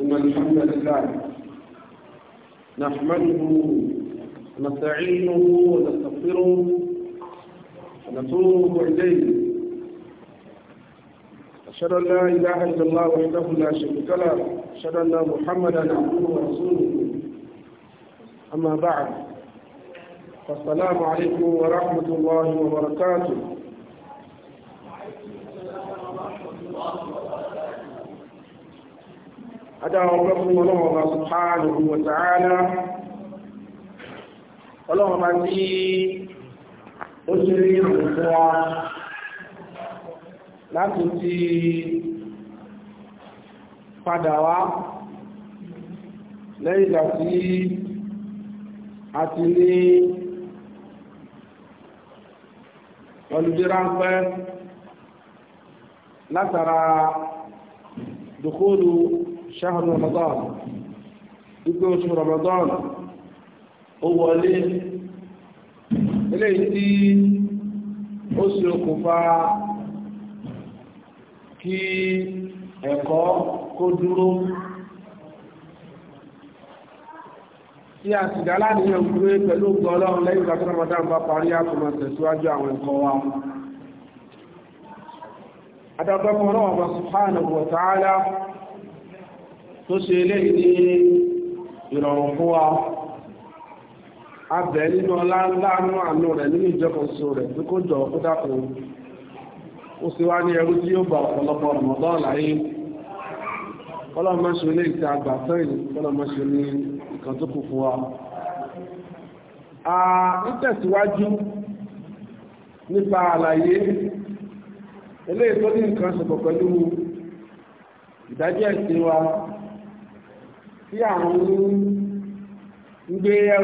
إن الحمد لله نحمده ونستعينه ونستغفره ونتوب إليه أشهد أن لا إله إلا الله وحده لا شريك له أشهد أن محمدا عبده ورسوله أما بعد فالسلام عليكم ورحمة الله وبركاته adáwọn ọgbẹ́ fún ọlọ́wọ́ ọba subhanahu wa ta'ala ọlọ́wọ́ bá tí ó ṣe rí ìrìn fún wa láti ti padà wá lẹ́yìn ìgbà tí ní olùdíra látara dùkúrú شهر رمضان wípé oṣù رمضان، ó wọlé eléyìí tí ó sì okùnfà kí ẹ̀kọ́ kó dúró tí a sì dá láti yẹn wípé pẹ̀lú ọlọ́run lẹ́yìn ìgbà tí Ramadan bá parí àtúmọ̀ tẹ̀síwájú àwọn ẹ̀kọ́ wa adágbẹ́kọ̀ọ́ náà wọ́n subhanahu wa ta'ala tó ṣe eléyìí ní ìrọ̀rùn fún wa abẹ nínú ọlá ńlá nú àánú rẹ̀ nínú ìjọkọ̀ọ́sọ rẹ̀ tó kó jọ kó dàpọ̀ ó sì wá ní ẹrú tí yóò gba ọ̀pọ̀lọpọ̀ ọ̀mọ̀dán láyé kọ́lọ́mọṣe ilé ìta àgbà sẹ́yìn kọ́lọ́mọṣe ní nǹkan tó kù fún wa. nítẹ̀síwájú nípa àlàyé eléyìí tó ní nǹkan ṣọ̀pọ̀ pẹ̀lú ìdájọ́ ẹ̀sìn wa tí àwọn ń gbé ẹ̀wò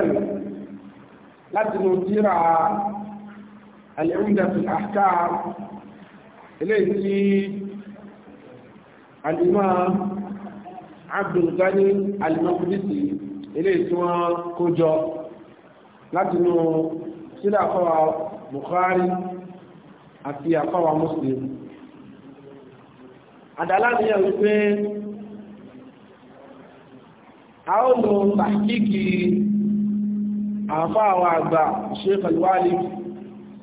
láti mú tíra alẹ́rìndàtì àká eléyìí tí alìmọ́ abdulgani alimọ́kùnrin eléyìí tí wọ́n kó jọ láti mú tíra fọ́wà Bukhari àti àfọ́wà Muslim àdàlá ni ẹ̀ wípé a ó lo tàkíkì àfáà wa àgbà Sheikh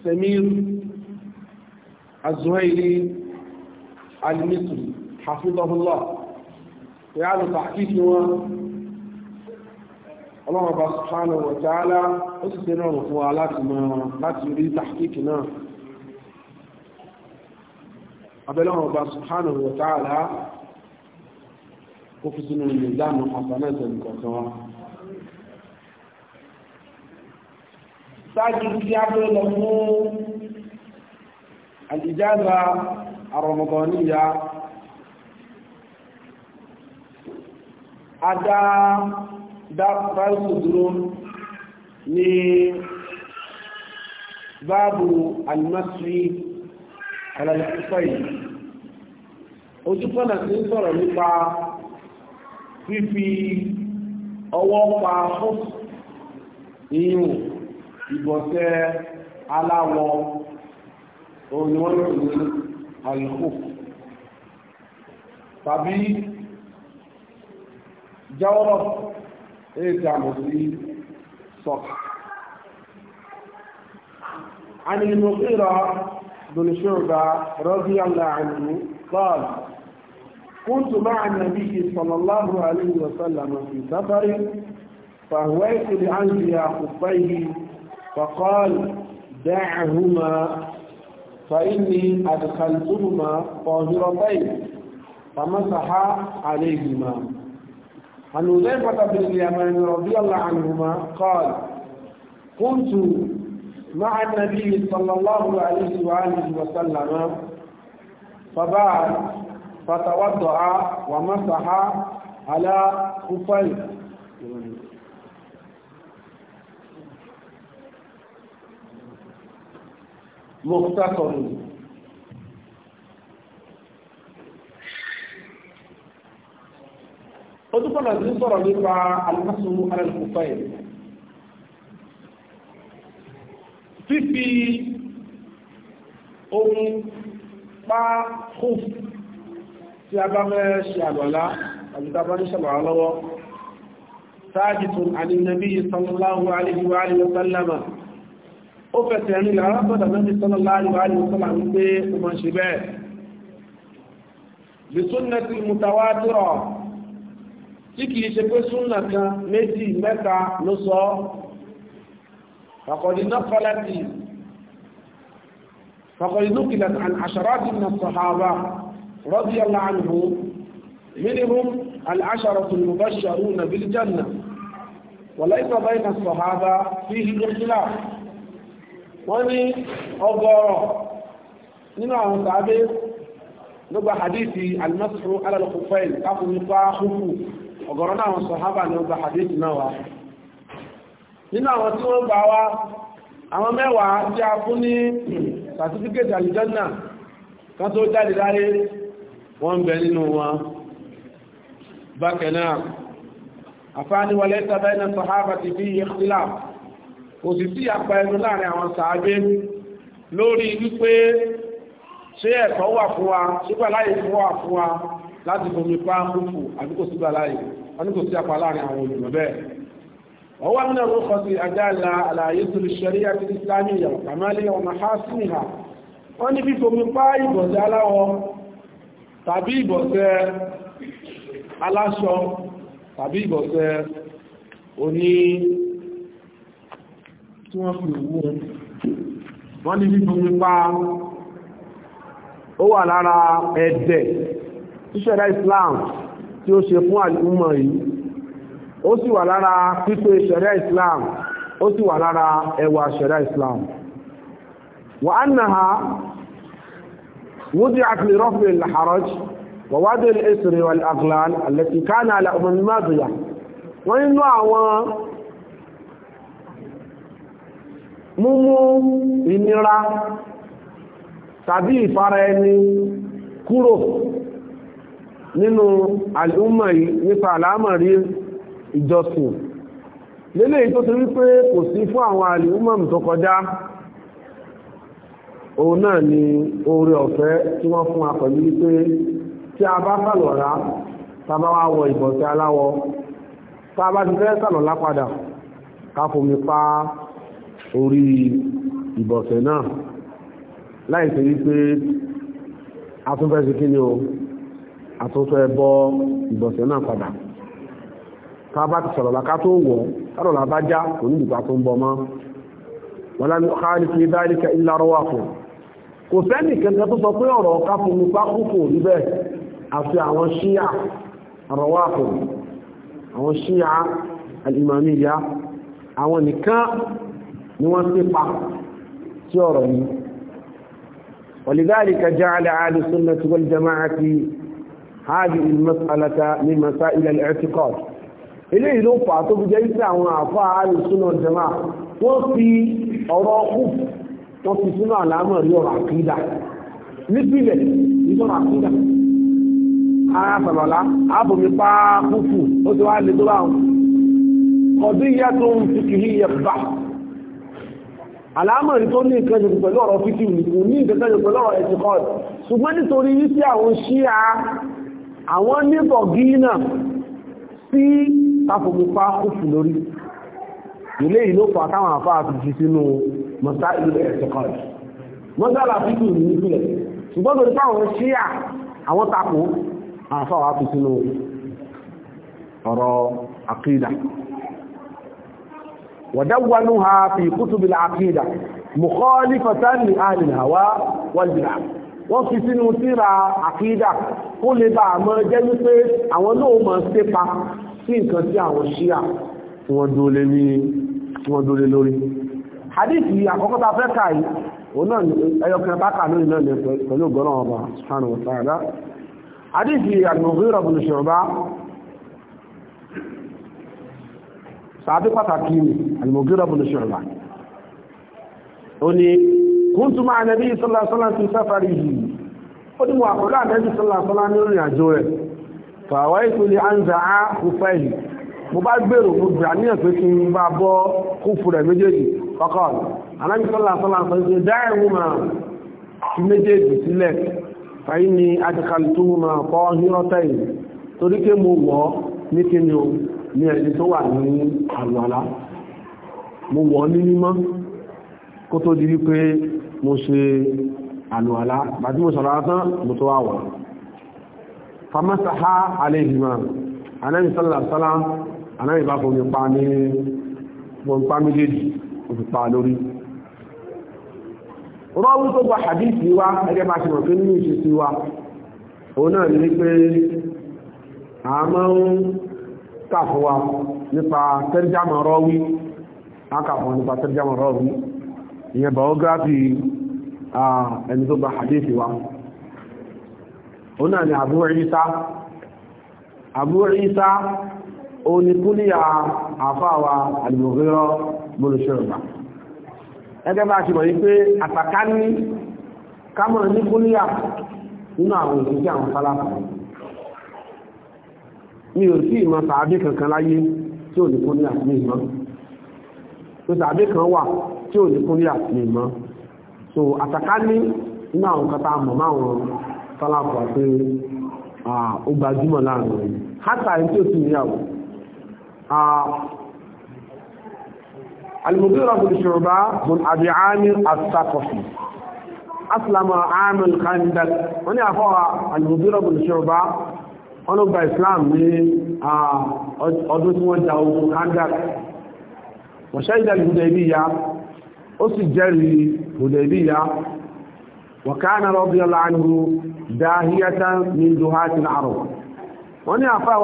Samir Az-Zuhaili Al-Misri hafizahullah tàkíkì wọn ọlọ́run bá subhanahu wa ta'ala ó sì tẹ́lẹ̀ ọ̀rùn fún wa láti mọ̀ láti rí tàkíkì náà abẹ́lọ́run bá kó fi sínú ilé ìdáàmú àtàlẹ́ ìṣẹ̀lẹ̀ kọ̀ọ̀kan wa. sáájú kí a tó lọ fún àdìjáza àrọ̀mọ̀gànníyà adá dá fáìlì dúró ní báàbù alimásí alàlẹ́kùsáì ojúkọ́nà tí ń sọ̀rọ̀ nípa fífi ọwọ́ pa fún ìyún ìbọ̀sẹ̀ aláwọ̀ òun ni tàbí jáwọ́rọ̀ èyí tí a mọ̀ sí sọ́kà. عن المغيرة كنت مع النبي صلى الله عليه وسلم في سفر فهويت بعنزي خطيه، فقال دعهما فإني أدخلتهما طاهرتين فمسح عليهما عن حذيفة بن اليمان رضي الله عنهما قال كنت مع النبي صلى الله عليه وآله وسلم فبعد fatawadda'a wa masaha ala kufai mọ̀kútàkọ̀rù ó tún pọ̀lọ̀ sí sọ̀rọ̀ nípa alìmọ́sù alìkùfẹ́ fífi ohun pa hoof tí a bá mẹ́ ṣe àgbàlá àbúta bá ní ṣàbàrá lọ́wọ́ sáàjìtún àníyànbí sallallahu alaihi wa alihi wa sallama ó fẹ̀sẹ̀ rí lárápọ̀dà mẹ́bí sallallahu alaihi wa alihi wa sallama wípé o mọ̀ ṣe bẹ́ẹ̀ bí sunnati mutawatira tí kìí ṣe pé súnnà kan رضي الله عنه منهم العشرة المبشرون بالجنة وليس بين الصحابة فيه اختلاف ومن أضر من أصحابه nígbà hadithi almasru alalkufain káfù nípa hukú ọ̀gọ̀rọ̀ náà wọn sọ̀hábà ní ọgbà hadithi náà wá nínú àwọn tí wọ́n gbà wá àwọn mẹ́wàá tí a fún ní certificate aljanna kan tó jáde láyé wọ́n bẹ nínú wọn bákanáà àfáàníwọlẹ́ tàbí ẹ̀nà sàhábà ti fi ìyẹ́kìlá kò sì sí àpá ẹnu láàrin àwọn sàábé lórí wípé ṣé ẹ̀tọ́ wà fún wa ṣígbà láyé fún wa fún wa láti bomi pa múfù àbí kò sígbà láyé wọ́n ní kò sí àpá láàrin àwọn olùmọ̀ bẹ́ẹ̀ ọwọ́ mi náà ló kọ́ sí àjáàlá àlàyé tó pa ìbọ̀dá aláwọ̀ tàbí ìbọ̀sẹ̀ aláṣọ tàbí ìbọ̀sẹ̀ oní tí wọ́n fi wú wọ́n ní bíbú nípa ó wà lára ẹ̀dẹ̀ tíṣẹ̀dá Islam tí ó ṣe fún àlúmọ̀ yìí ó sì wà lára pípé ṣẹ̀dá Islam ó sì wà lára ẹwà Islam wà وضعت لرفع الحرج ووضع الإسر والأغلال التي كان على أمم الماضية وإنه هو múmú ìnira tàbí ìfara ẹni kúrò nínú al'umma yìí nípa àlámọ̀rí ìjọsìn lélẹ̀ tó ti wípé kò sí fún àwọn al'umma tó kọjá òun náà ni oore ọ̀fẹ́ tí wọ́n fún wa wípé tí a bá sàlọ̀rá tàbá wá wọ aláwọ̀ tàbá ti fẹ́ sàlọ̀lá ká pa orí ìbọ̀sẹ̀ náà láìsí wípé o bọ́ náà padà ti tó wọ̀ já kò ní ìgbà tó ń mọ́ wọ́n lá ní kò sẹ́nì kankan tó sọ pé ọ̀rọ̀ ká fún mi pákú kò rí bẹ́ẹ̀ àti àwọn ṣíyà àrọ̀wáàkù àwọn ṣíyà alìmàmíyà àwọn nìkan ni wọ́n sí pa sí ọ̀rọ̀ yìí ولذلك جعل اهل السنه wọ́n fi sínú àlámọ̀ rí ọ̀rọ̀ àkídà nípìnlẹ̀ ìṣọ̀rọ̀ àkídà ara sàbàlá àbòmí pàápùpù ó ti wá lè tó bá wọn ọdún ìyá tó ń fi kìí yẹ bá àlámọ̀ rí tó ní nǹkan jùlọ pẹ̀lú ọ̀rọ̀ ní ní nǹkan pẹ̀lú ọ̀rọ̀ ẹ̀sìn ṣùgbọ́n nítorí àwọn àwọn sí tàfòmí lórí ilé àfáà mọ̀sá ìlú ẹ̀sẹ̀kọ́ rẹ̀ mọ́sálà fífi ìlú nípìnlẹ̀ ṣùgbọ́n lórí táwọn ṣíà àwọn takò àfáwà fi sínú ọ̀rọ̀ àkídà wàdáwánú ha fi kútùbí àkídà mùkọ́lí fasáàlì àlì àwá wàlìdà wọ́n fi sínú síra àkídà kó lè bá àmọ́ jẹ́ wípé àwọn náà mọ̀ sépa sí nǹkan tí àwọn ṣíà tí wọ́n dúró lórí Hadithi yìí àkọ́kọ́ ta fẹ́ kàí òun náà ẹyọkùnrin bá kà lónìí náà pẹ̀lú ọgọ́rọ̀ ọba subhanahu wa ta'ala hadith yìí al-Mughira ibn Shu'ba sàbí pàtàkì al-Mughira ibn Shu'ba ó ní kuntu ma'a nabi sallallahu alaihi wasallam fi safarihi ó ní wà pẹ̀lú ànábì sallallahu alaihi wasallam ní ìrìn àjò rẹ̀ fàwáìtò lè ánzà á kọ́kọ́ alábìsọ́lá sọ́lá sọ pé dáẹ̀wò máa fi méjèèjì sílẹ̀ fàyí ni adìkàlùtù máa kọ́ hírọ́tà yìí torí pé mo wọ̀ ọ́ ní kíni o ní ẹni tó wà ní àlùwàlá mo wọ̀ ọ́ ní mímọ́ kó tó di wípé mo ṣe àlùwàlá bàtí mo sọ̀rọ̀ tán mo tó wà wọ̀ famasaha alehima anabi sallallahu alaihi wasallam anabi bá fomi pa ní fomi méjèèjì òfìpa rọ́wú tó gba hadithi wa ẹgbẹ́ bá ṣe wa O náà ní pé a ń wa nípa tẹ́rìjámọ̀ rọ́wí a nípa tẹ́rìjámọ̀ rọ́wí ìyẹn biography ẹni tó gba hadithi wa O náà ni Isa òní kúlíyà àfáwà àdìmòfẹ́rọ́ bólúṣẹ́rọ̀bà ẹgbẹ́ bá ṣe mọ̀ ní pé àtàká ní kámọ̀ ní nínú àwọn òṣìṣẹ́ àwọn mi ò sí ìmọ̀ kankan láyé tí ò ní kúlíyà ní ìmọ̀ tó sàábé kan wà tí ò ní kúlíyà ní ìmọ̀ so àtàká ní nínú àwọn kata mọ̀ máwọn láàrin rẹ̀ hátà tí المدير بن شعبة بن mun عامر الثقفي أسلم عام الخندق هنا أخوة المدير بن شعبة ọlọ́ gba islam ní ọdún tí wọ́n ja ogun kandar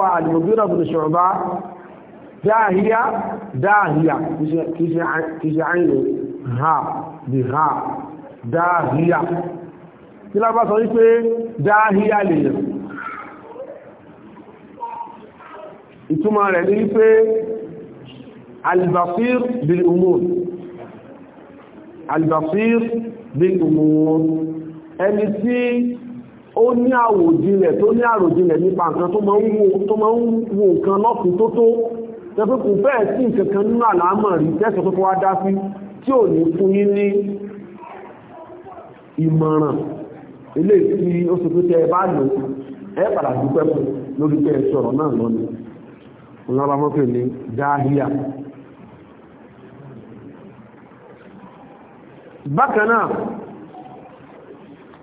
wọ̀ṣẹ́ dáhíyá dáhíyá kìí ṣe àìlò ha bí ha dáhíyá tí lábá sọ wípé dáhíyá lè yàn ìtumọ̀ rẹ̀ ní wípé albasir bil umur albasir bil umur ẹni tí ó ní àwòjìnlẹ̀ tó ní àròjìnlẹ̀ nípa nǹkan tó máa ń wo nǹkan lọ́kùn tó tó tẹ́fẹ́ kò fẹ́ sí kankan nínú àlámọ̀ rí tẹ́sọ̀ tó wá dá sí tí ò ní fún yín ní ìmọ̀ràn ilé tí ó sì pé tẹ́ ẹ bá lò ẹ padà dúpẹ́ fún lórí tẹ́ ẹ sọ̀rọ̀ náà lónìí ọlọ́ba mọ́pẹ́ ní dáhíà bákan náà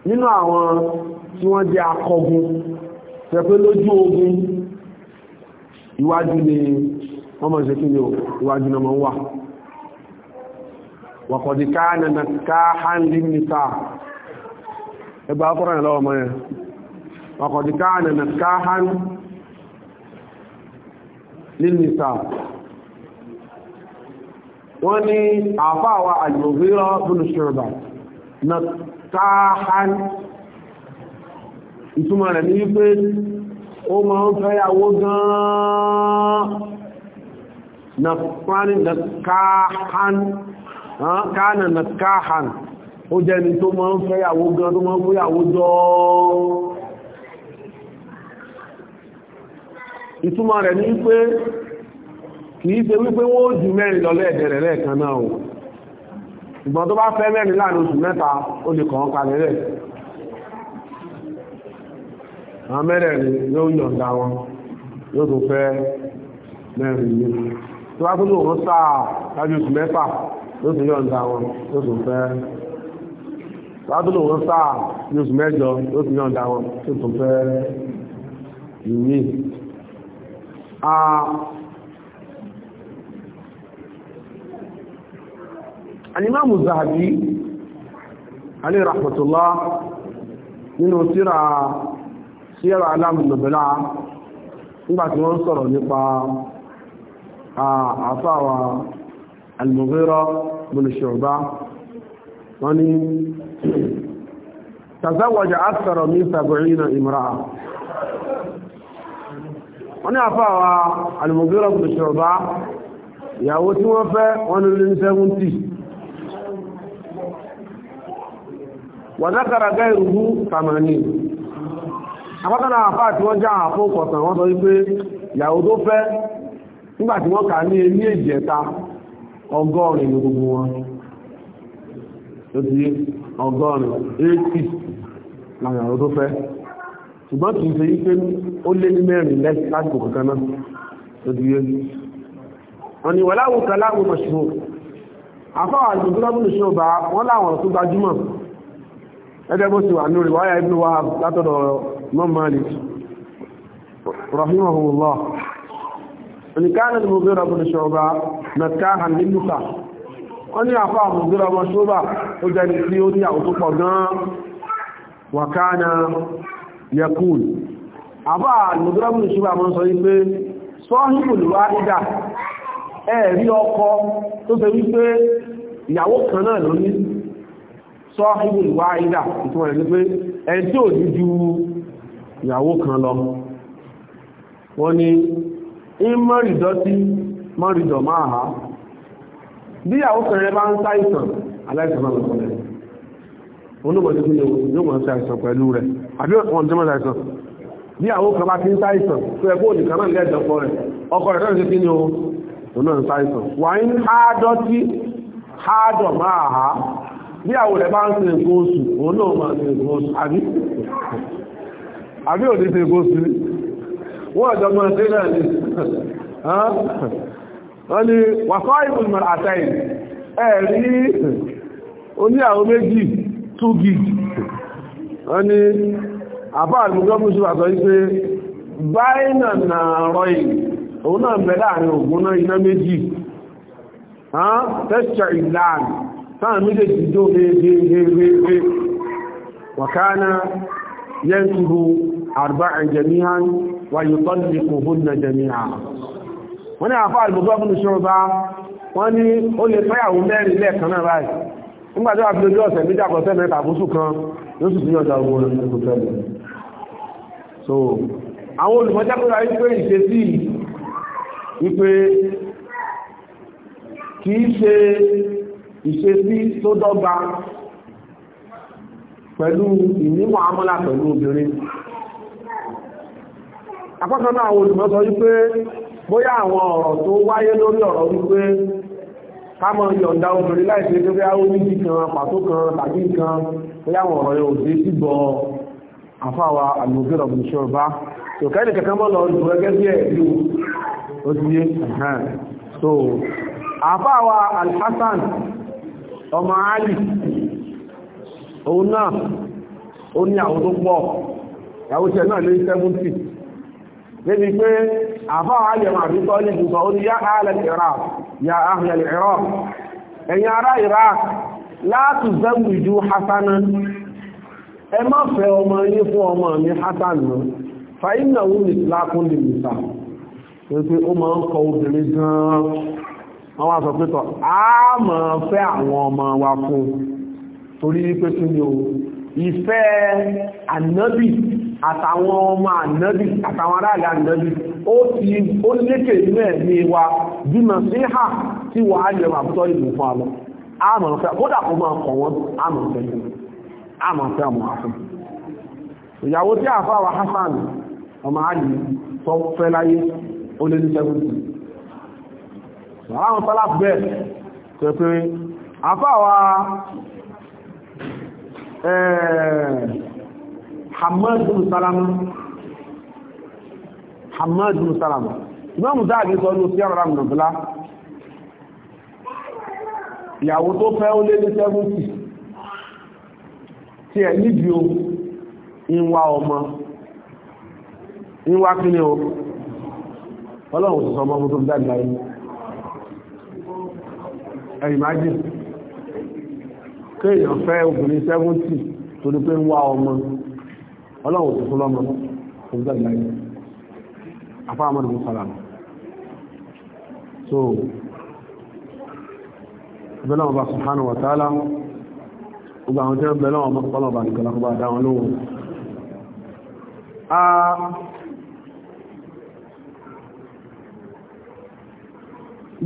nínú àwọn tí wọ́n jẹ́ akọgun tẹ́fẹ́ lójú ogun iwájú ni wọ́n mọ̀ sí kí ni ìwájú náà wà wàkọ̀dì káàna na káàhánlì nìta ẹgbà ọkọ̀rọ̀ yẹn lọ́wọ́ mọ́yẹn wàkọ̀dì káàna na káàhánlì nìta wọ́n ní àfáwà àjòvírọ̀ bínú ṣùgbà na káàhán ìtumọ̀ rẹ̀ ní wípé ó máa ń fẹ́yàwó gan-an nàfàní kánà nàkáhàn ó jẹ́ ni tó máa ń fẹ́yàwó gan tó máa ń fẹ́yàwó jọ ìtumọ̀ rẹ̀ ní pé kìí ṣe wípé wọ́n ó jù mẹ́rin lọ lẹ́ẹ̀dẹ̀rẹ̀ lẹ́ẹ̀kan náà o ìgbọ́n tó bá fẹ́ mẹ́rin láàrin oṣù mẹ́ta ó lè kàn kalẹ̀ rẹ̀ àwọn mẹ́rẹ̀ẹ̀rin yóò yọ̀ǹda wọn yóò tó fẹ́ mẹ́rin yìí tí wá gbọ́dọ̀ wọ́n sáà lábí oṣù mẹ́fà ló sì yọ̀ǹda wọn ló sì fẹ́ lábúlò wọn sáà ní oṣù mẹ́jọ ló sì yọ̀ǹda wọn fẹ́ nínú síra síra alámùlùbẹ̀lá nígbàtí wọ́n sọ̀rọ̀ nípa àfáwà al-Mughira bin Shu'ba wọ́n ni tazawwaja akthara min sab'ina imra'a wọ́n ni àfáwà al-Mughira bin Shu'ba ìyàwó tí wọ́n fẹ́ wọ́n ni lórí 70 wa zakara gairuhu 80 apátánà àfáà tí wọ́n já àfókọ̀tàn wọ́n sọ wípé ìyàwó tó fẹ́ nígbàtí wọ́n kà ní ilé ìjẹta ọgọ́rin ní gbogbo wọn tó ti yé ọgọ́rin 80 láàrin àwọn tó fẹ́ ṣùgbọ́n kìí ṣe wípé ó lé ní mẹ́rin lásìkò kankan náà tó ti yé wọ́n ni wọ́láwù kaláwù mọ̀ṣùrù afáwà ìgbòkúlábùnú ṣe ọba wọ́n láwọn tó gbajúmọ̀ ẹgbẹ́ bó ti wà ní orí wáyà ibùdó wa látọ̀dọ̀ mọ́mọ́lì rahimahullah nìkánà ni Mughira ibn Shu'ba mẹ́káhà nílùkà wọ́n ní àfá Mughira ibn Shu'ba ó jẹ́ tí ó ní àwọn tó pọ̀ gan wa kana yaqul àfá Mughira ibn Shu'ba mọ́ sọ wípé sahibul wahida ẹ̀rí ọkọ tó ṣe wípé ìyàwó kan náà ló ní sahibul wahida ìtumọ̀ rẹ̀ ní pé ẹni tí ò ní ju ìyàwó kan lọ wọ́n ní in mọ́rìdọ́ sí mọ́rìdọ̀ máa ha bí àwọn fẹ̀rẹ̀ bá ń sáìsàn aláìsàn náà lọ́pọ̀ rẹ̀ olóògbọ̀dé kí yóò wọ́n sáìsàn pẹ̀lú rẹ̀ àbí wọ́n jẹ́ sáìsàn bí àwọn kan bá ti ń sáìsàn tó ẹ kó nìkan náà lẹ́ẹ̀dọ̀pọ̀ rẹ̀ ọkọ̀ rẹ̀ náà o náà ń sáìsàn wà ń hádọ́ sí bí àwọn rẹ̀ bá ń sin nǹkan oṣù òun náà máa sin nǹkan oṣù àbí òní sin nǹkan oṣù wọ́n ọ̀dọ́ mọ́ sí náà ni wọ́n ni wàfá ìbùnmọ̀ àtàì ẹ̀rí oníyàwó méjì two gig wọ́n ni àbá àlùmọ́gbọ́n mú sí wà sọ wípé báyìí náà nà rọ yìí òun náà bẹ̀ láàrin ògùn náà iná méjì ويطلقهن جميعا wọ́n ní àfáà ìgbògbò fún ìṣòròbá wọ́n ní ó lè fẹ́yàwó mẹ́rin lẹ́ẹ̀kan náà báyìí nígbàtí wà fílójú ọ̀sẹ̀ méjì àkọsẹ́ mẹ́ta àbúsù kan yóò sì fíyànjá ogun orin tó fẹ́lẹ̀ so àwọn olùmọ́jákọ́lá wípé ìṣesí wípé kìí ṣe ìṣesí tó dọ́gba pẹ̀lú ìnímọ̀ amọ́lá pẹ̀lú obìnrin apákan náà àwọn olùmọ̀ sọ wípé bóyá àwọn ọ̀rọ̀ tó wáyé lórí ọ̀rọ̀ wípé kámọ̀ yọ̀ǹda obìnrin láìsí tó fẹ́ ó níbi kan pàtó kan tàbí kan bóyá àwọn ọ̀rọ̀ yóò dé síbọ̀ àfáwà àgbògbèrò ìṣọ̀bá tó kẹ́lì kankan mọ́ lọ jù ẹgẹ́ bí ẹ̀lú ó ti yé so 70 débi pé àbá ayẹ̀mọ̀ àbíkọ́ ní ìsọ̀ ó ní yá ààlẹ̀ Iraq yá ààlẹ̀ Iraq ẹ̀yin ará Iraq láti zẹ́wù ìjú hasana ẹ má fẹ́ ọmọ yín fún ọmọ mi hasan náà fa iná wù ní lákún lè nìta pé ó máa ń kọ obìnrin gan-an wọ́n wá sọ pé a máa fẹ́ àwọn ọmọ wa fún torí pé ni o ìfẹ́ ànábì àtàwọn ọmọ ànábì àtàwọn aráàlú ànábì ó ti ó lékè inú ẹ̀mí wa bímọ sí hà tí wà á yẹ̀wò àbútọ́ ìlú fún alọ́ àmọ̀fẹ́ kódà kó máa kọ̀ wọ́n àmọ̀fẹ́ àmọ̀fẹ́ ọmọ àfún ìyàwó tí wa Hassan ọmọ àyè tó fẹ́ láyé ó lé ní àwọn bẹ́ẹ̀ Hamad bin Salama Hamad bin Salama ìmọ́mù dáàbí sọ ní òsì àrà mọ̀bílá ìyàwó tó fẹ́ ó lé ní 70 tí ẹ̀ níbi o ìwà ọmọ ìwà kí ni o ọlọ́run sọ ọmọ tó dáàbí ayé ẹ̀yìn máa jẹ́ kéèyàn fẹ́ obìnrin 70 torí pé ń wá ọmọ ọlọ́wọ̀ tó fún lọ́mọ fún bẹ́ẹ̀ láyé afá amadu so bẹ́ẹ̀ náà bá subhanahu wa ta'ala gbogbo àwọn jẹ́ bẹ́ẹ̀ náà mọ́kànlọ́ bá nìkan lọ́kọ́ bá dá wọn lóhùn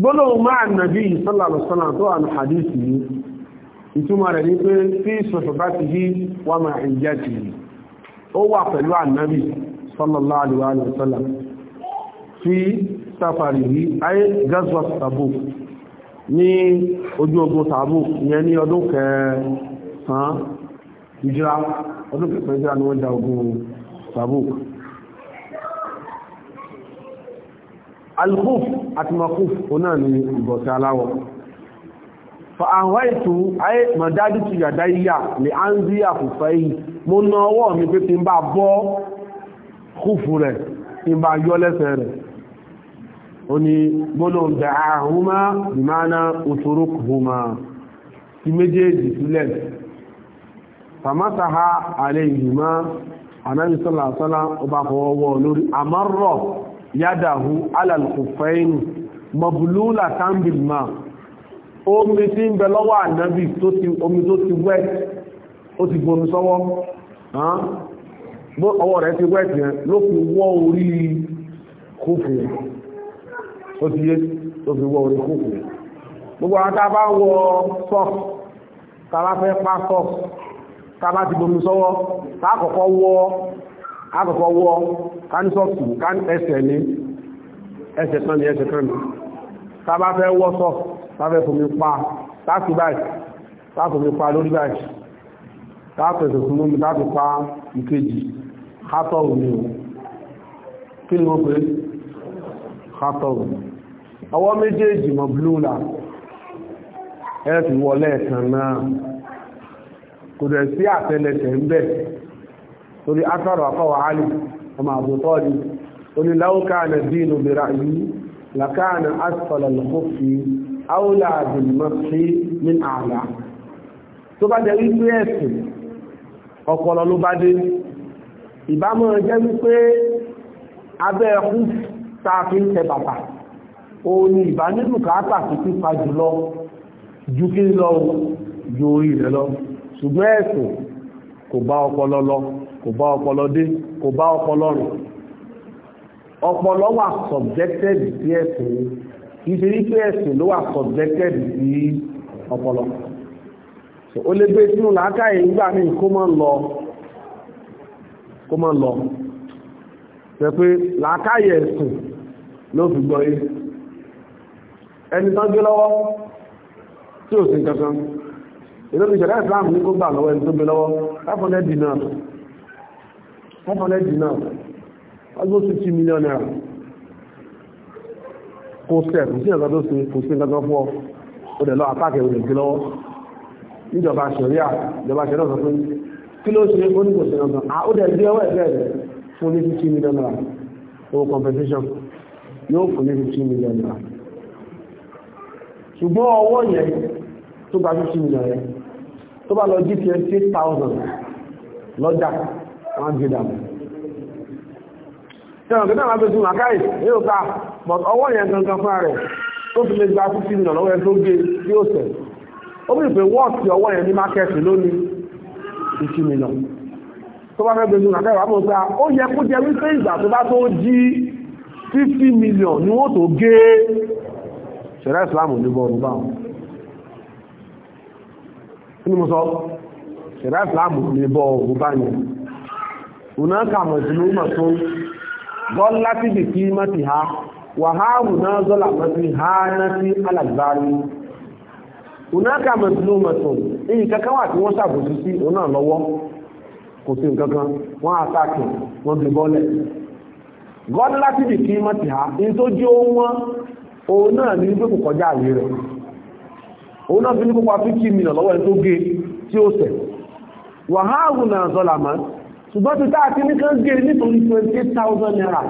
gbọ́lọ̀wọ̀ máa nàbí sọ́làlọ́sọ́là tó àmì rẹ̀ ní pé fi sọ̀fẹ́ ti yí wà máa ìjá ti yìí ó wà pẹ̀lú ànábì sallallahu alaihi wasallam fi sáfàrí yìí ayé gazwa Tabuk ní ojú ogun Tabuk yẹn ní ọdún kẹsàn-án ìjírá ọdún kẹsàn-án ìjírá ni wọ́n àti makuf onáà ni ìbọ̀sẹ̀ aláwọ̀ fa àwẹ́ẹ̀tù ayé mọ̀dájú ti yàdá yíyà lè á ń rí àfùfẹ́ yìí mo na ọwọ́ mi pé kí n bá bọ́ kúfù rẹ̀ kí n bá yọ lẹ́sẹ̀ rẹ̀ ó ní gbọ́dọ̀ ń bẹ̀ àhúmá ìmáná òṣòro kùhùmá ti méjèèjì sílẹ̀ fàmásáhá àlẹ́ ìhìmá anábì sọ́làsọ́lá ọba omi tí ń bẹ lọ́wọ́ ànábì omi tó ti wet ó ti gbomi sọ́wọ́ bó ọwọ́ rẹ̀ ti wet yẹn ló fi wọ́ orí kófù yẹn ó ti yé ló fi wọ́ orí kófù gbogbo àwọn bá wọ sọ́ọ̀f tá fẹ́ pa sọ́ọ̀f tá ti gbomi sọ́wọ́ tá a kọ́kọ́ wọ́ a kọ́kọ́ wọ́ kání sọ́ọ̀fù kání ẹsẹ̀ ní ẹsẹ̀ kan ní ẹsẹ̀ kan ní tá a bá fẹ́ wọ́ sọ́ọ̀fù táfẹ́ fomi pa táàkì báyìí táàkì fomi pa lórí báyìí táàkì ẹ̀sùn lómi táàkì pa ìkejì hátọ̀ òní o kí ni mo pè hátọ̀ òní ọwọ́ méjèèjì mọ̀ blúlà ẹ ti wọlé ẹ̀kan náà kò dẹ̀ sí àtẹlẹsẹ̀ ń bẹ̀ torí átàrọ̀ àfọwà alì ọmọ àbòtọ́ ni oníláwó káà dínú bèrà yìí làkáà nà àwòlà àdìmọ́ sí ní àlà tó bá jẹ́ wípé ẹ̀sìn ọpọlọ ló bá dé ìbámu jẹ́ wípé abẹ́ ẹkú tààfi ń tẹ bàbà o ní ìbá nínú kàátà sí pípa jùlọ ju kí lọ ju orí rẹ̀ lọ ṣùgbọ́n ẹ̀sìn kò bá ọpọlọ lọ kò bá ọpọlọ dé kò bá ọpọlọ rìn ọpọlọ wà subjected sí ẹ̀sìn kìí ṣe wípé ẹ̀sìn ló wà subjected sí ọpọlọ ó lè gbé sínú làákàyè nígbà míì kó mọ́ lọ kó mọ́ lọ ṣe pé làákàyè ẹ̀sìn ló fi gbọ́ yé ẹni tán gbé lọ́wọ́ tí ò sí kankan ìlóbi ìṣẹ̀dá ìsìláàmù ní kó gbà lọ́wọ́ ẹni tó gbé lọ́wọ́ 500 dinar 500 dinar almost 50 million naira full step kò sí nǹkan tó ṣe kò sí nǹkan tó fọ́ ó dẹ̀ lọ àpáàkẹ́ òde gbé lọ́wọ́ níjọba sẹ̀ríà ìjọba sẹ̀ríà sọ pé kí ló ṣe ó ní kò sí nǹkan ó dẹ̀ gbé ọwọ́ ẹ̀gbẹ́ rẹ̀ fún ní fifty million naira owó compensation yóò fún ní fifty million naira ṣùgbọ́n ọwọ́ yẹn tó gba fifty million yẹn tó bá lọ jí ti ẹni eight thousand lọ́jà one hundred and. ṣé ọ̀gá náà máa bẹ but ọwọ́ yẹn gangan fúnra rẹ̀ tó fi lè gba fifty million lọ́wọ́ yẹn tó gé bí ó sẹ̀ ó bí ìpè wọ́ọ̀tì ọwọ́ yẹn ní mákẹ́tì lónìí fifty million tó bá fẹ́ gbẹ̀dùn àtẹ́wà wà mọ̀ pé ó yẹ kó jẹ wípé ìgbà tó bá tó jí fifty million ni wọ́n tó gé ṣẹ̀rẹ́ ìsìláàmù ní bọ́ọ̀lù báwọn inú mo sọ ṣẹ̀rẹ́ ìsìláàmù ní bọ́ọ̀lù báyìí òun náà kà mọ̀ sí lórí mọ̀ tó gọ́ọ́lá tìbì kí mọ́ ti ha وها منازل مثل هانة على الظالم هناك مظلومة إن ككوات وصابوا سيسي هنا لو kò sí nǹkan kan wọ́n àtàkì wọ́n gbé bọ́lẹ̀ gọ́dọ̀ láti bì kí mọ́tì ha ní tó jẹ́ ohun wọn òun náà ní kọjá àyè rẹ̀ òun náà fi ní púpọ̀ fíkì mìíràn lọ́wọ́ ẹni tó gé tí ó sẹ̀ wàhálà náà sọ́làmọ́ ṣùgbọ́n ti táà ní kan nítorí naira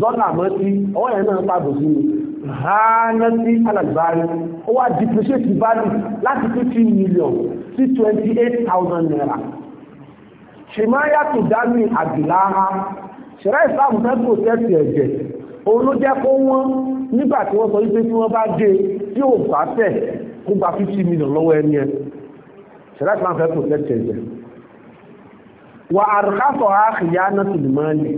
zọ́nà mọ́tí ọwọ́ yẹn náà pàbò sí mi ránà sí alàgbárí ó wá depreciate value láti 15 million sí 28,000 naira ṣìmáyà tó dání àgbìláha ṣẹ̀rá ìsáàmù fẹ́ protect ẹ̀jẹ̀ òun ló jẹ́ kó wọ́n nígbà tí wọ́n sọ wípé tí wọ́n bá dé tí ò bá tẹ̀ kó gba 50 million lọ́wọ́ ẹni ẹ ṣẹ̀rá ìsáàmù fẹ́ protect ẹ̀jẹ̀ wà àrùkásọ̀ àkìyá náà tìlùmọ́ọ́lì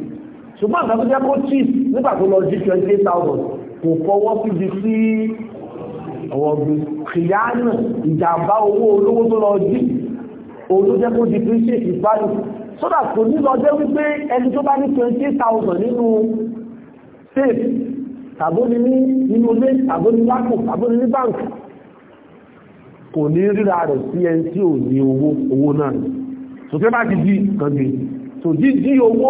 ṣùgbọ́n àgbà tó jẹ́ kó chief nígbà tó lọ jí twenty thousand kò fọwọ́ síbi sí ọ̀rọ̀ ọ̀gbìn kìyàánù ìjàmbá owó olówó tó lọ jí olójẹ́ kó di appreciate ìbálò sódà kò ní lọ jẹ́ wípé ẹni tó bá ní twenty thousand nínú safe tàbó ni ní nínú ilé tàbó ni lápò tàbó ni ní báńkì kò ní ríra rẹ̀ sí ẹni tí ò ní owó owó náà sòkè bá ti di kàngbé tòjíjí owó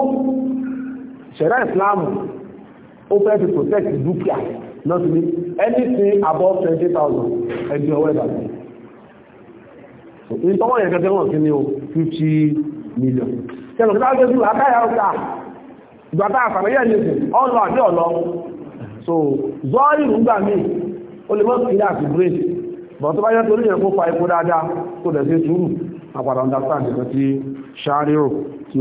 ṣẹ̀rẹ́ ìsìláàmù open to protect dúkìá not me anything above twenty thousand ẹgbẹ́ ọwọ́ ìbàdàn ní tọ́wọ́ yẹn kẹtẹ́ wọ́n kí ni o fifty million ṣẹlẹ̀ kí igbata ojú àkáyà ọ̀tà ìgbà tá àfàmẹ́yà ní so zọ́ọ̀lì nígbà míì ó lè mọ́ sílẹ̀ àti brain bọ̀ tó bá yẹ torí yẹn kó fa epo dáadáa kó dẹ̀ sí sùúrù understand tí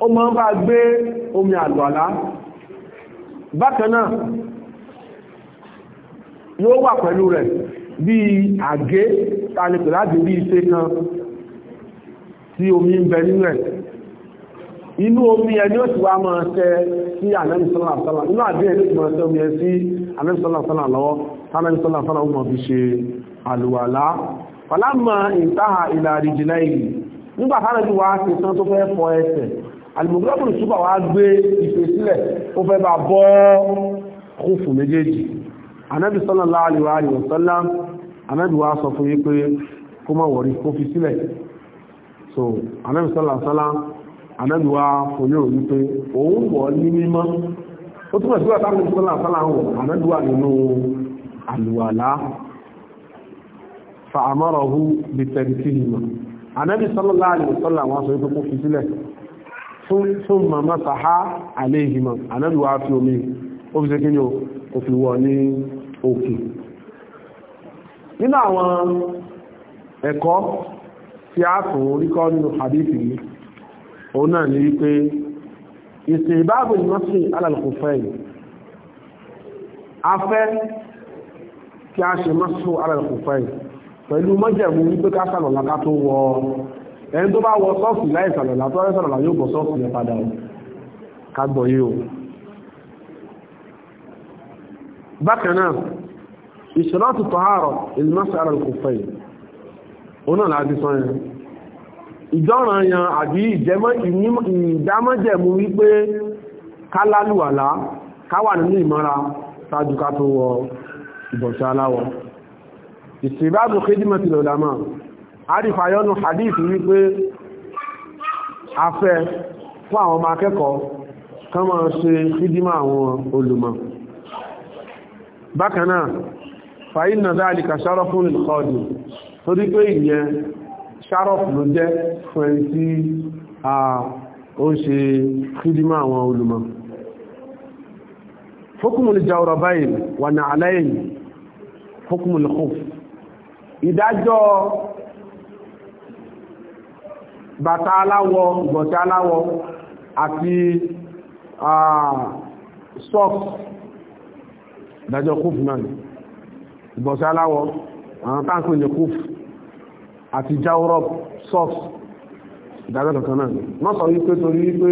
ó máa ń bá gbé omi àlùwàlá bákan náà yóò wà pẹ̀lú rẹ̀ bí àgé tàlẹ̀kù láti bí iṣẹ́ kan tí omi ń bẹ nínú ẹ̀ inú omi ẹni ó sì wá máa tẹ sí ànẹ́mìsọ́lá àfẹ́lá inú àdé ẹni ó sì máa tẹ omi ẹ sí ànẹ́mìsọ́lá àfẹ́lá lọ́wọ́ tánẹ́mìsọ́lá àfẹ́lá ó mọ̀ fi ṣe àlùwàlá falámà ìtaha ìlà àríjìnlẹ̀ yìí nígbà tánẹ́bí ti tán tó fẹ́ fọ ẹsẹ̀ alimoglobin ṣùgbọ́n wá gbé ìfè sílẹ̀ ó fẹ́ bá bọ́ kúfù méjèèjì anábì sallallahu alaihi wa sallam anábì wá sọ fún yí pé kó má wọ̀rí kó fi sílẹ̀ so anábì sallallahu alaihi wa sallam anábì wá fún yóò wí pé òun wọ̀ ní mímọ́ ó túnbọ̀ sí ọ̀tá anábì sallallahu alaihi wa sallam wọ̀ anábì wà nínú àlùwàlá fa amarahu bi tẹ̀lifíhìmọ̀ fún mama sàhá àléhìmọ̀ ànábìwá fi omi ó fi ṣe kí ni ó fi wọ ní òkè nínú àwọn ẹ̀kọ́ tí a tún ríkọ́ nínú hadithi yìí òun náà ní wípé ìsìn ìbáàbò ìmọ́sí alàlùkùnfẹ́ yìí a fẹ́ kí a ṣe mọ́sí alàlùkùnfẹ́ yìí pẹ̀lú mọ́jẹ̀mú wípé ká sàlọ̀lá ká tó wọ ẹni tó bá wọ sọ́ọ̀sì láì sàlọ̀lá tó rẹ́ sàlọ̀lá yóò bọ̀ sọ́ọ̀sì yẹn padà o kagbọ̀ yìí o bákan náà ìṣòlọ́tù tọ́hárọ̀ ìlúmọ́sára kòfẹ́ ọ̀nà láti sọ yẹn ìjọ́ràn yan àbí ìdámọ́jẹ̀mú wípé kálálùwàlá káwà nínú ìmọ́ra sáájú ká tó wọ ìbọ̀ṣẹ́ aláwọ̀ ìsìbáàbù kéjìmọ̀ tìlọ̀lámà àrífàyọ́nù hadith wípé afẹ́ fún àwọn ọmọ akẹ́kọ̀ọ́ kan máa ṣe fídímà àwọn olùmọ̀ bákanáà fàyín náà dáadìkà ṣárọ́fún ìlúkọ́dù torí pé ìyẹn ṣárọ́fù ló jẹ́ fún ẹni tí a ó ṣe bàtà aláwọ̀ ìbọ̀tà aláwọ̀ àti socks ìdájọ́ kúfù náà ni ìbọ̀tà aláwọ̀ àwọn táǹkì ní kúfù àti jawrop socks ìdájọ́ kankan náà ni wọ́n sọ wípé torí wípé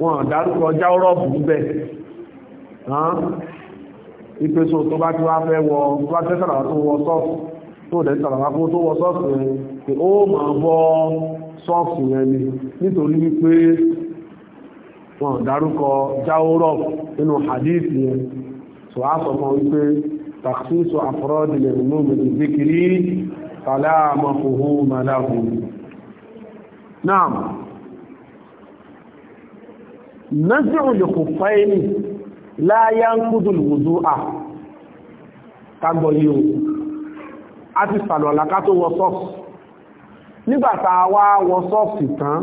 wọn dárúkọ jawrop níbẹ̀ ìpèsò tó bá ti wá fẹ́ wọ tó bá tẹ́sàrà tó wọ socks tó dẹ̀ sàrà tó wọ socks pé ó máa bọ́ sọ́ọ̀fù yẹn ni nítorí wípé wọn dárúkọ jáwórọ̀ nínú hadith yẹn tó á sọ fún wípé takhsisu afradi lil mu'min dhikri fala mafhuma lahu naam nazi'u likhuffayni la yanqudu alwudu'a kagbọ̀ yìí o a ti sàlọ̀ àlàká tó nígbàtà wá wọ sọ́ọ̀sì tán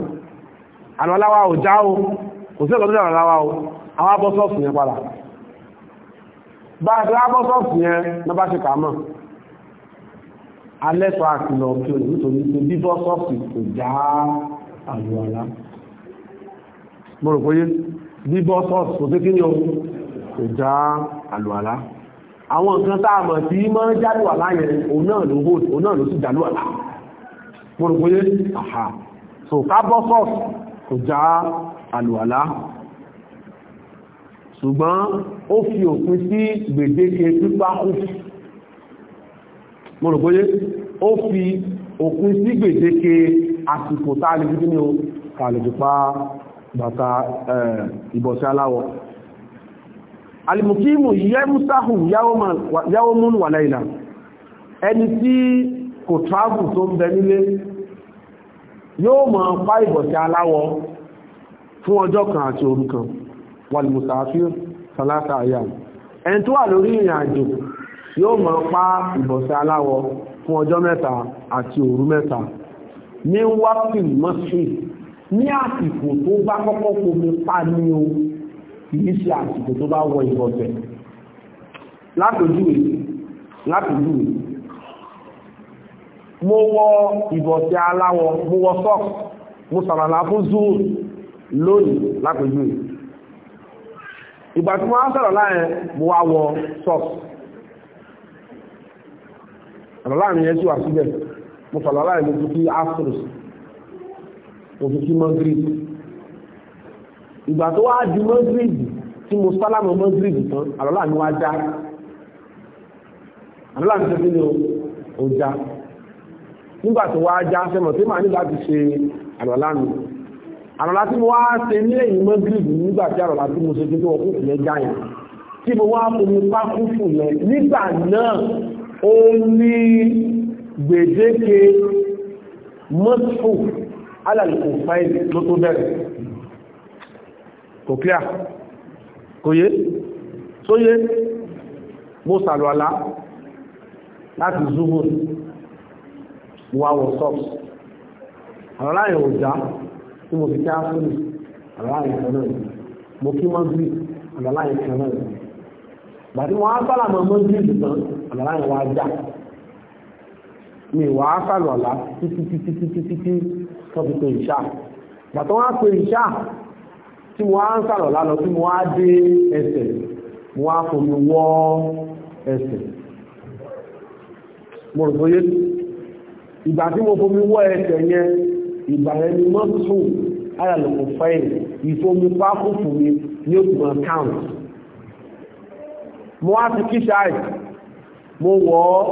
àlọ́láwà ò já o kò sí ọ̀tọ́ àlọ́láwà o àwọn abọ́ sọ́ọ̀sì yẹn padà bá a ti rábọ́ sọ́ọ̀sì yẹn ní bá ṣe kàmọ́ alẹ́tọ̀ àkìlọ̀ kí o nítorí pé bíbọ́ sọ́ọ̀sì kò já àlọ́lá mo rò pé bíbọ́ sọ́ọ̀sì kò sí kí ni o kò já àlọ́lá àwọn nǹkan tá a mọ̀ tí máa ń jálùwà láyẹn òun náà ló sì jálùwà láyẹn gbogbogbòye àhà so kábọ́ sọ́ọ̀sì kò já àlùwàlá ṣùgbọ́n ó fi òpin sí gbèdéke pípa kúfù gbogbogbòye ó fi òpin sí gbèdéke àsìkò táàlì títí ní o kàlùjùpá bàtà ìbọ̀sẹ̀ aláwọ̀ alìmùkímù yẹ́mùsáhù yáwó múnú wà láìlà ẹni tí kò travel tó ń bẹ nílé yóò mọ̀ pa ìbọ̀sẹ̀ aláwọ̀ fún ọjọ́ kan àti òru kan wal musafir salata ayyam ẹni tó wà lórí ìrìn àjò yóò mọ̀ pa ìbọ̀sẹ̀ aláwọ̀ fún ọjọ́ mẹ́ta àti òru mẹ́ta ní wákì mọ́sí ní àsìkò tó bá kọ́kọ́ fomi pa ní o kìí ṣe àsìkò tó bá wọ ìbọ̀sẹ̀ látòjúwe látòjúwe mo wọ ìbọ̀sẹ̀ aláwọ̀ mo wọ sọ́ọ̀ mo sàrànlá fún zoo lónìí lápẹjú rẹ̀ ìgbà tí wọ́n á sọ̀rọ̀ láàrin mo wá wọ sọ́ọ̀ ọ̀rọ̀ láàrin yẹn tí wà síbẹ̀ mo sọ̀rọ̀ láàrin mo fi astros mo fi madrid ìgbà tó wá di madrid tí mo sálámù madrid tán àlọ́lá mi wá já àlọ́lá mi tẹ́tí ni ó nígbà tó wá já sẹ́mọ̀ tí màá ní láti ṣe àlọ́lá mi àlọ́lá tí mo wá ṣe ní èyí mọ́ gírígì nígbà tí àlọ́lá tí mo ṣe kí tó ọkùnkùn yẹn já yẹn tí mo wá fomi pákú fún yẹn nígbà náà ó ní gbèdéke mọ́tò alàlùkò fáìlì ló tó bẹ̀rẹ̀ kò kíá kò yé tó yé mo sàlọ́lá láti zúhùn mo wá wọ sọ́ọ̀sì àwọn aláyẹ̀ já tí mo fi kí á sílẹ̀ àwọn aláyẹ̀ kan náà mo kí mọ́gírì àwọn aláyẹ̀ kan náà gbàtí mo á sálà mọ́ mọ́gírì tán àwọn wá já mi wà á sálọ̀ ọ̀la títí títí títí títí tó fi pe ìṣá gbàtọ́ wá pe ìṣá tí mo á ń sálọ̀ ọ̀la lọ tí mo á dé ẹsẹ̀ mo á fomi wọ́ ẹsẹ̀ mo rò bóyá ìgbà tí mo fomi wọ́ ẹsẹ̀ yẹn ìgbà yẹn ni mọ́ tún ayàlùkù fẹ́yìn ìfomi pákó fún mi ní òkùnmọ̀ count mo wá ti kí ṣáì mo wọ̀ ọ́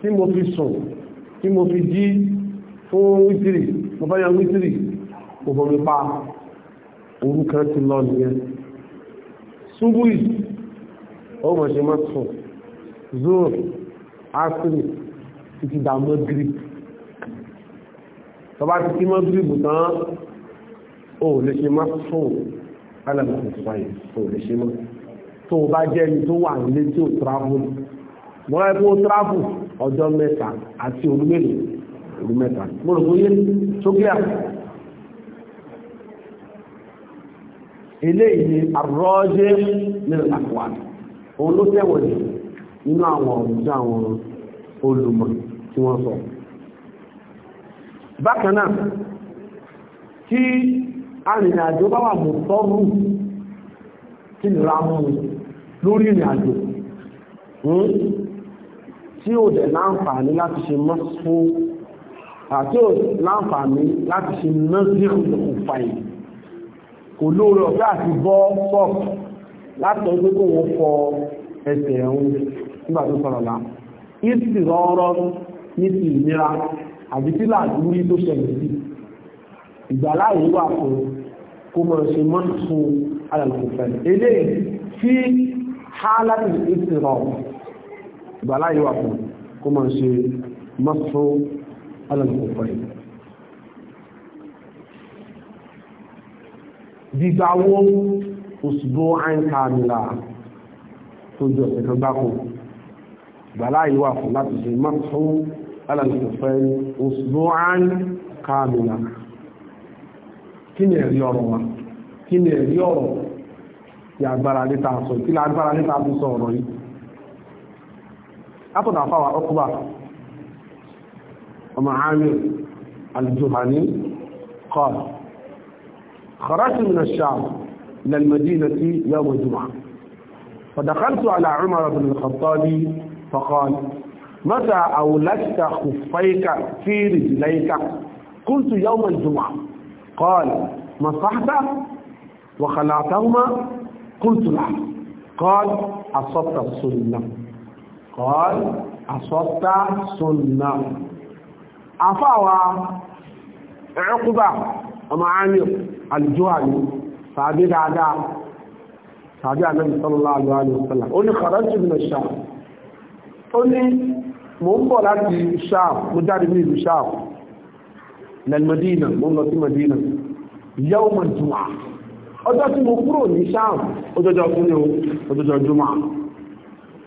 tí mo fi sùn tí mo fi jí fún wítìrì mo fẹ́ yan wítìrì mo fomi pa orúkọ ti lọ nìyẹn ṣubú yìí ó mọ̀ ṣe mọ́ tún zoro asiri títí dàmọ́ gírípù tọba ti kí mọ́gírìbù tán o lè ṣe mọ́ fún alàmùsùn sọ́yìn o lè ṣe mọ́ tó bá jẹ́ ẹni tó wà nílé tí ò tráfù mọ́ra ẹ̀kọ́ tráfù ọjọ́ mẹ́ta àti olúmẹ́lì olúmẹ́ta mọ́rọ̀ bó yé sókíà eléyìí àrọ́jẹ́ nínú àpòwà òun ló tẹ́wọ̀n nínú àwọn ọ̀rọ̀ tí àwọn olùmọ̀ tí wọ́n sọ̀rọ̀ bákan náà tí arìnrìnàjò bá wà mú tọ́rù tí nìra mú lórí ìrìnàjò hmm, tí ó dẹ̀ láǹfààní láti ṣe mọ́sún àti ó láǹfààní láti ṣe nọ́sírù òfàì kò lóore ọ̀gá àti bọ́ sọ́ọ̀kì láti ọjọ́ kó wọ́n fọ ẹsẹ̀ ẹ̀hún nígbà tó sọ̀rọ̀ lá ìsì rọrọ ní ti ìnira àbí tí làdúrí tó ṣẹlẹ̀ sí ìgbàláyé wà fún kó mọ̀ ṣe mọ́ fún alàlùfẹ́ eléyìí tí hálàtì ìsìnrọ̀ ìgbàláyé wà fún kó mọ̀ ṣe mọ́ fún alàlùfẹ́ gbígbàwó òṣùgbó àìkà mìlà tó jọ ìkan gbákò ìgbàláyé wà fún láti ṣe mọ́ fún alàlùfẹ́ni usbu'an kamila kí ni ẹ̀rí ọ̀rọ̀ wa kí ni ẹ̀rí ọ̀rọ̀ tí agbára létà sọ kí lágbára létà tó sọ ọ̀rọ̀ yìí látọ̀dà fáwà ọkùbà ọmọ amir aljuhani qala kharajtu min ash-sham ila al-madinah mata àwòláṣìta kò fáyíká fíìrì láyíká kúntù yau mai jùmọ̀ قال مسحت وخلعتهما قلت لا قال أصبت السنة قال أصبت السنة أفاوى عقبة أما عامر الجهني صحابي دعدا صحابي النبي صلى الله عليه وسلم قل خرجت من الشام قل mo ń bọ̀ láti Sham mo jáde ní ìlú Sham lẹ́lmẹ́dínà mo ń lọ sí Mẹ́dínà yawm al-jumu'ah ọjọ́ tí mo kúrò ní Sham ojọjọ́ fún ní ojọjọ́ jùmọ̀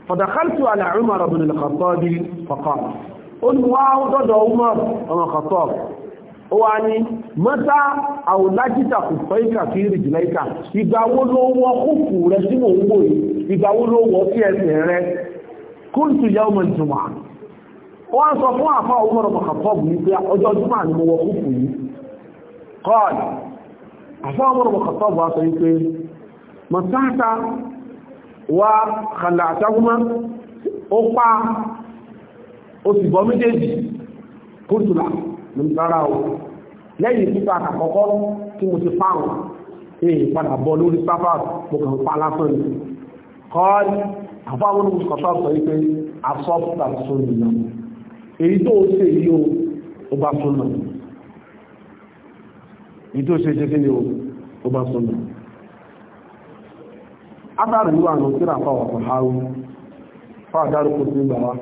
fadakhaltu ala Umar ibn al-Khattab faqala ó ní wá dọ́dọ̀ Umar ọmọ Khattab ó wá ní mọ́ta àwòlájíta wọ́n sọ fún àfá ọmọrọ̀ mọ̀kàtọ́bù ní pé ọjọ́ jùmọ̀ ni mo wọ kúfù yìí kọ́ọ̀lì àfá ọmọrọ̀ mọ̀kàtọ́bù wá sọ wípé mọ̀sáta wa kàlà àtàgúnmá ó pa ó sì bọ́ méjèèjì kúrtùlà nìtara o lẹ́yìn pípa àkọ́kọ́ tí mo ti fáwọn èè padà bọ́ lórí sáfà mo kàn pa lásán ni kọ́ọ̀lì àfá ọmọrọ̀ mọ̀kàtọ́bù sọ wípé asọ́pùtà sórí ìlànà èyí tó ṣe yí o ó bá súnà èyí tó ṣe ṣe kí ni o ó bá súnà átàrí wà ní tíra fáwọ̀ fàháwú fáwọ̀ dárúkú sí gbàwá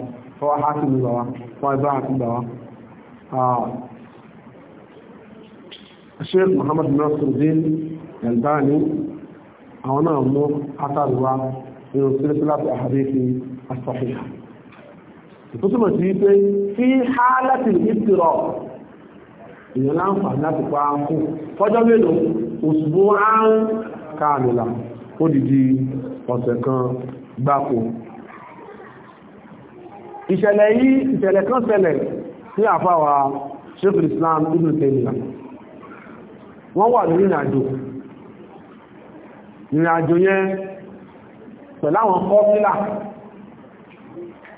Sheikh Muhammad àwọn náà mú tó túnmọ̀ sí pé fi há láti ìtìrọ̀ èèyàn láǹfààní láti pa áńkù fọ́jọ́ mélòó òṣùgbó áńkù káàmìlà ó dìdí ọ̀sẹ̀ kan gbáko ìṣẹ̀lẹ̀ yìí ìṣẹ̀lẹ̀ kan ṣẹlẹ̀ sí àfáwà sheikh islam ibn taymiya wọ́n wà ní ìrìnàjò ìrìnàjò yẹn pẹ̀láwọn kọ́sílà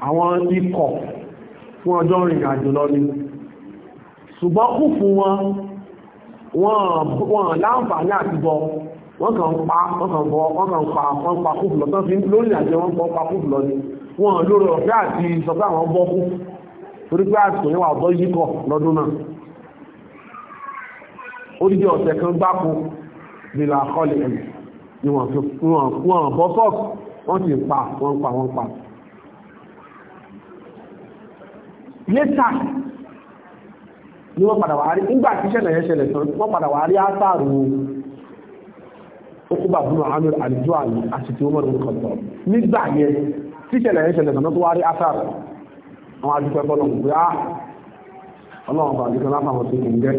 àwọn ikọ̀ fún ọjọ́ rìn àjò lọ ni ṣùgbọ́n kú fún wọn wọ́n láǹfààní àtibọ̀ wọ́n kàn pa wọ́n kàn bọ́ wọ́n kàn pa wọ́n pa kú fún lọ tán fi lórí àjọ wọn bọ́ pa kú fún lọ ni wọ́n lórí ọ̀fẹ́ àti sọ pé àwọn bọ́ kú torí pé àsìkò yẹn wà bọ́ yíkọ̀ lọ́dún náà ó dídí ọ̀sẹ̀ kan gbáko nílà àkọlẹ̀ ẹ̀yìn ni wọ́n bọ́ sọ́ọ̀sì wọ́n ti pa wọ́n pa wọ́n pa létà ni wọ́n padà wà rí nígbà tí ṣẹlẹ̀ yẹn ṣẹlẹ̀ tán wọ́n padà wà rí átàrù okùnbà bùnú àmì àdìjọ àmì àti tí ó mọ̀ lórúkọ tọ̀ nígbà yẹn tí ṣẹlẹ̀ yẹn ṣẹlẹ̀ tán tó wá rí átàrù àwọn adúpẹ́ bọ́lọ̀ ah, ń pé á ọlọ́run bá àdìjọ lápá wọn tó kò ń gẹ́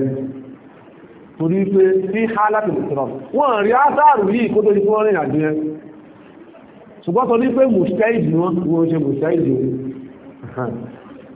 torí pé sí há láti lè sọ̀rọ̀ wọ́n rí átàrù yìí kó tó di fún ọrìn àjò yẹn ṣùgbọ́n sọ ní pé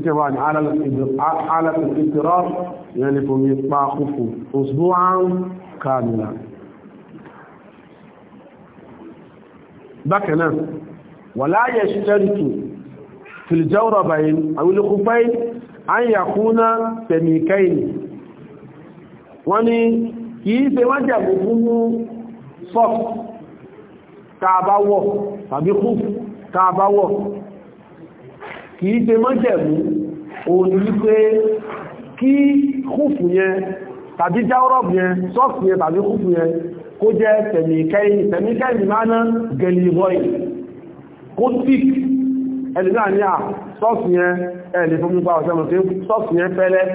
طبعا على الاضطرار يعني فم يطاقف اسبوعا كاملا بكنا ولا يشترط في الجوربين او الخفين ان يكون سميكين وني كيف وجبهم صف تابعوا تابعوا تابعوا kìí ṣe mọ́jẹ̀mú òun ni wípé kí kúfù yẹn tàbí jáwọ́rọ̀bù yẹn sọ́ọ̀sì yẹn tàbí kúfù yẹn kó jẹ́ tẹ̀míkẹ́yìn tẹ̀míkẹ́yìn máa ná gẹ̀lìbọ̀ì kó tík ẹni náà ní à sọ́ọ̀sì yẹn ẹ̀lẹ́ fún nípa ọ̀sẹ̀ mọ̀ sí sọ́ọ̀sì yẹn fẹ́lẹ́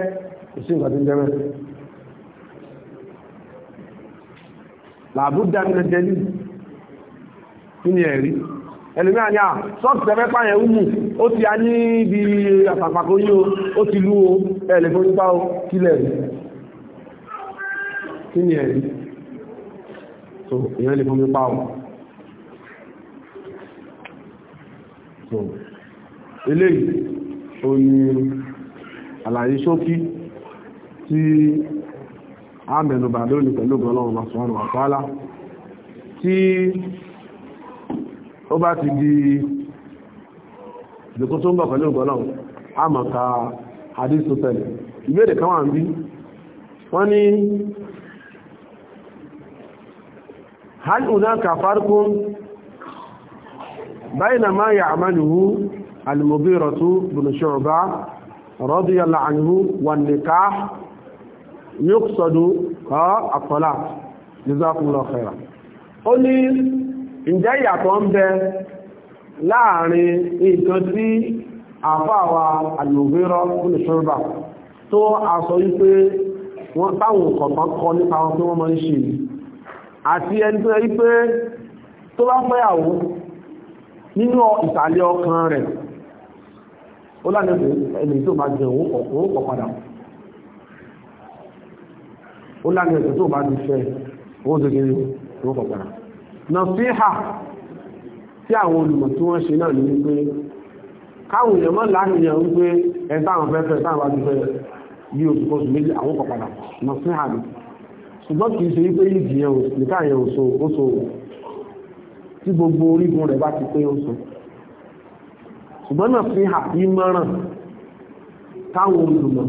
ìsìn nǹkan tí ń jẹ́mẹ́ làbúdà ní ẹjẹ́ ní ẹ̀rí ẹlùmí àní à sọ́ọ̀tì tẹ́fẹ́ pààyàn wùmù ó ti a ní ibi àpàpàkó yí o ó ti lú o ẹ̀lẹ̀ fún ipa o kílẹ̀ rí kí ni ẹ̀rí so èèyàn lè fún ipa o so eléyìí o ní àlàyé ṣókí tí a mẹ́nubà lónìí pẹ̀lú ọgbọ̀n ọlọ́run àṣọ àrùn àpáálá tí ó bá ti di ìdòkó tó ń bọ̀ pẹ̀lú ìgbọ́lọ́n àmọ̀ta àdísù tẹ̀lé ìbéèrè kan wà ń bí wọ́n ní hálùnà kàfàrkún báyìnà máa yà àmàlùú alìmọ̀bírọ̀tú bùnṣọ̀rọ̀bá rọ́díyàlá ànìhú wà nìká yóò sọ́dún àpọ̀lá ǹjẹ́ ìyàtọ̀ ń bẹ láàrin nǹkan tí àfáàwà àlòvírọ́ olùsọ́rọ̀bà tó àsọ wípé wọ́n táwọn kọ̀kan kọ nípa wọn tí wọ́n máa ń ṣe àti ẹni tó wípé tó bá fẹ́yàwó nínú ìsàlẹ̀ ọkàn rẹ̀ ó lánàá ẹni tó bá jẹ nàṣíhà tí àwọn olùmọ̀ tí wọ́n ṣe náà ní wípé káwọn èèyàn mọ́ láàrin wípé ẹ̀ntàwọn fẹ́fẹ́ táwọn wájú fẹ́ bí oṣùkọ́sù méjì àwọn pàpàdà nàṣíhà ní ṣùgbọ́n kìí ṣe wípé yìí jìyàn nìkan yẹn oṣù oṣù tí gbogbo orígun rẹ̀ bá ti pé oṣù ṣùgbọ́n nàṣíhà ìmọ̀ràn táwọn olùmọ̀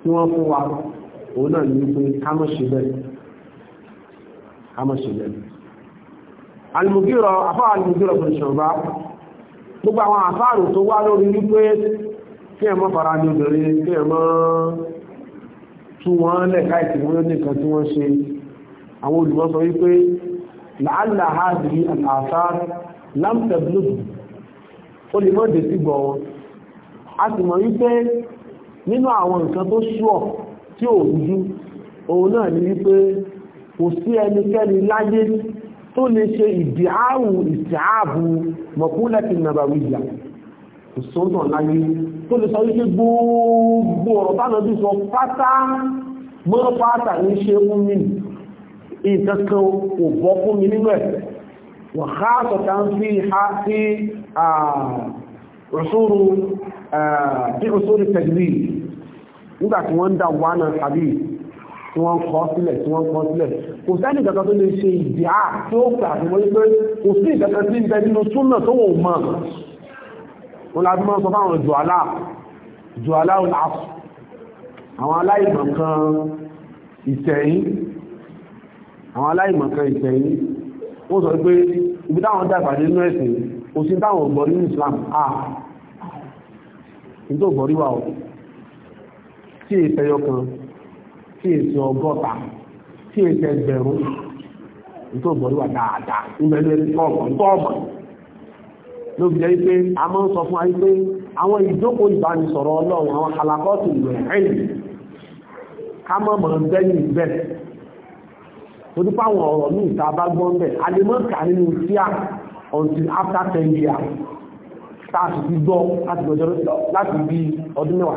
tí wọ́n fún wa òun náà ní wípé ká amọ́ṣẹ̀lẹ̀ alìmùgírọ̀ afá alìmùgírọ̀ fún ṣọ̀bá gbogbo àwọn àfáàrù tó wá lórí wípé kí ẹmọ́ fara ní obìnrin kí ẹmọ́ tú wọn lẹ́ka ìtìwọ́n nìkan tí wọ́n ṣe àwọn olùgbọ́ sọ wípé láàlá hádìí àtàfáà lámtẹ̀blùbù ó lè mọ́ dé sí gbọ́ wọn a sì mọ̀ wípé nínú àwọn nǹkan tó ṣúọ̀ kò sí ẹnikẹ́ni láyé tó lè ṣe ìdíáwù ìsìáàbù mọ̀kúnlẹ̀kì nàbàwíyà kò sọ́tọ̀ láyé tó lè sọ wípé gbogbo ọ̀rọ̀ tánàbí sọ pátá mọ́ pátá ní ṣe ń mí ìkankan ò bọ́ fún mi nínú ẹ̀ wà ká sọ̀tà tí wọ́n kọ́ sílẹ̀ tí wọ́n kọ́ sílẹ̀ kò sẹ́ni kankan tó lè ṣe ìdíà tí ó pè àti wọlé pé kò sí ìkankan tí ń bẹ nínú súnà tó wò mọ̀ wọn la fi máa ń sọ fáwọn jùálà jùálà ọ̀làfù àwọn aláìmọ̀kan ìtẹ̀yìn àwọn aláìmọ̀kan ìtẹ̀yìn wọ́n sọ pé ibi táwọn dàgbà nínú ẹ̀sìn kò sí táwọn ọ̀gbọ̀n nínú Islam ah nítorí ọ̀gbọ̀n ríwá ọ̀ sí ìtẹ̀yọ kan tí èsì ọgọ́ta tí èsì ẹgbẹ̀rún tó bọ̀rí wà dáadáa ìbẹ̀lẹ̀ ọ̀pọ̀ tọ́ọ̀mọ̀ ló fi jẹ́ pé a máa ń sọ fún ayé pé àwọn ìjókòó ìbánisọ̀rọ̀ ọlọ́run àwọn alakọ́tù ìrẹ̀hìn ká mọ̀ mọ̀ bẹ́yìn bẹ́ẹ̀ tó dípá àwọn ọ̀rọ̀ ní ìta bá gbọ́n bẹ́ẹ̀ a lè mọ́ kà nínú a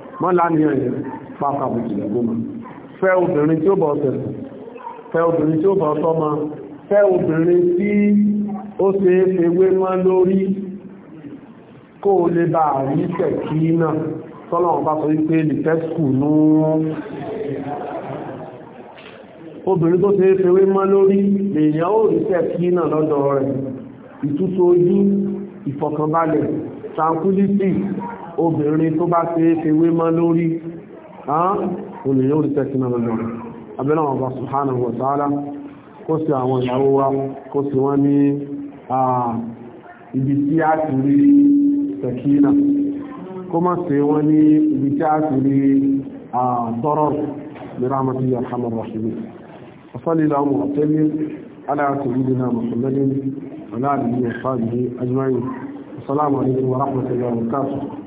mọ́ láníyàn yẹn pápá bùkìlẹ̀ gómà fẹ́ obìnrin tí ó bọ̀ ọ̀tẹ̀sì fẹ́ obìnrin tí ó bọ̀ ọ̀tọ́mọ fẹ́ obìnrin tí ó ṣe é ṣe wé mọ́ lórí kó o lè bá rí tẹ̀kí náà tọ́lọ́wọ́n bá sọ wípé lìtẹ́sùkù nú obìnrin tó ṣe é ṣe wé mọ́ lórí lèèyàn ó rí tẹ̀kí náà lọ́dọ̀ rẹ̀ ìtútù ojú ìfọ̀kànbalẹ̀ tranquility obìnrin tó bá ṣe é ṣe wé mọ́ lórí olùyẹ́ oríṣẹ́ sí náà lọ abẹ́lẹ̀ wọn bá subhanahu wa ta'ala kó sí àwọn ìyàwó wa kó sí wọ́n ní ibi tí a ti rí sẹ̀kínà kó má sí wọ́n ní ibi tí a ti rí ضرر برحمته يا ارحم الراحمين وصلي اللهم وسلم على سيدنا محمد وعلى اله وصحبه اجمعين السلام عليكم ورحمه الله وبركاته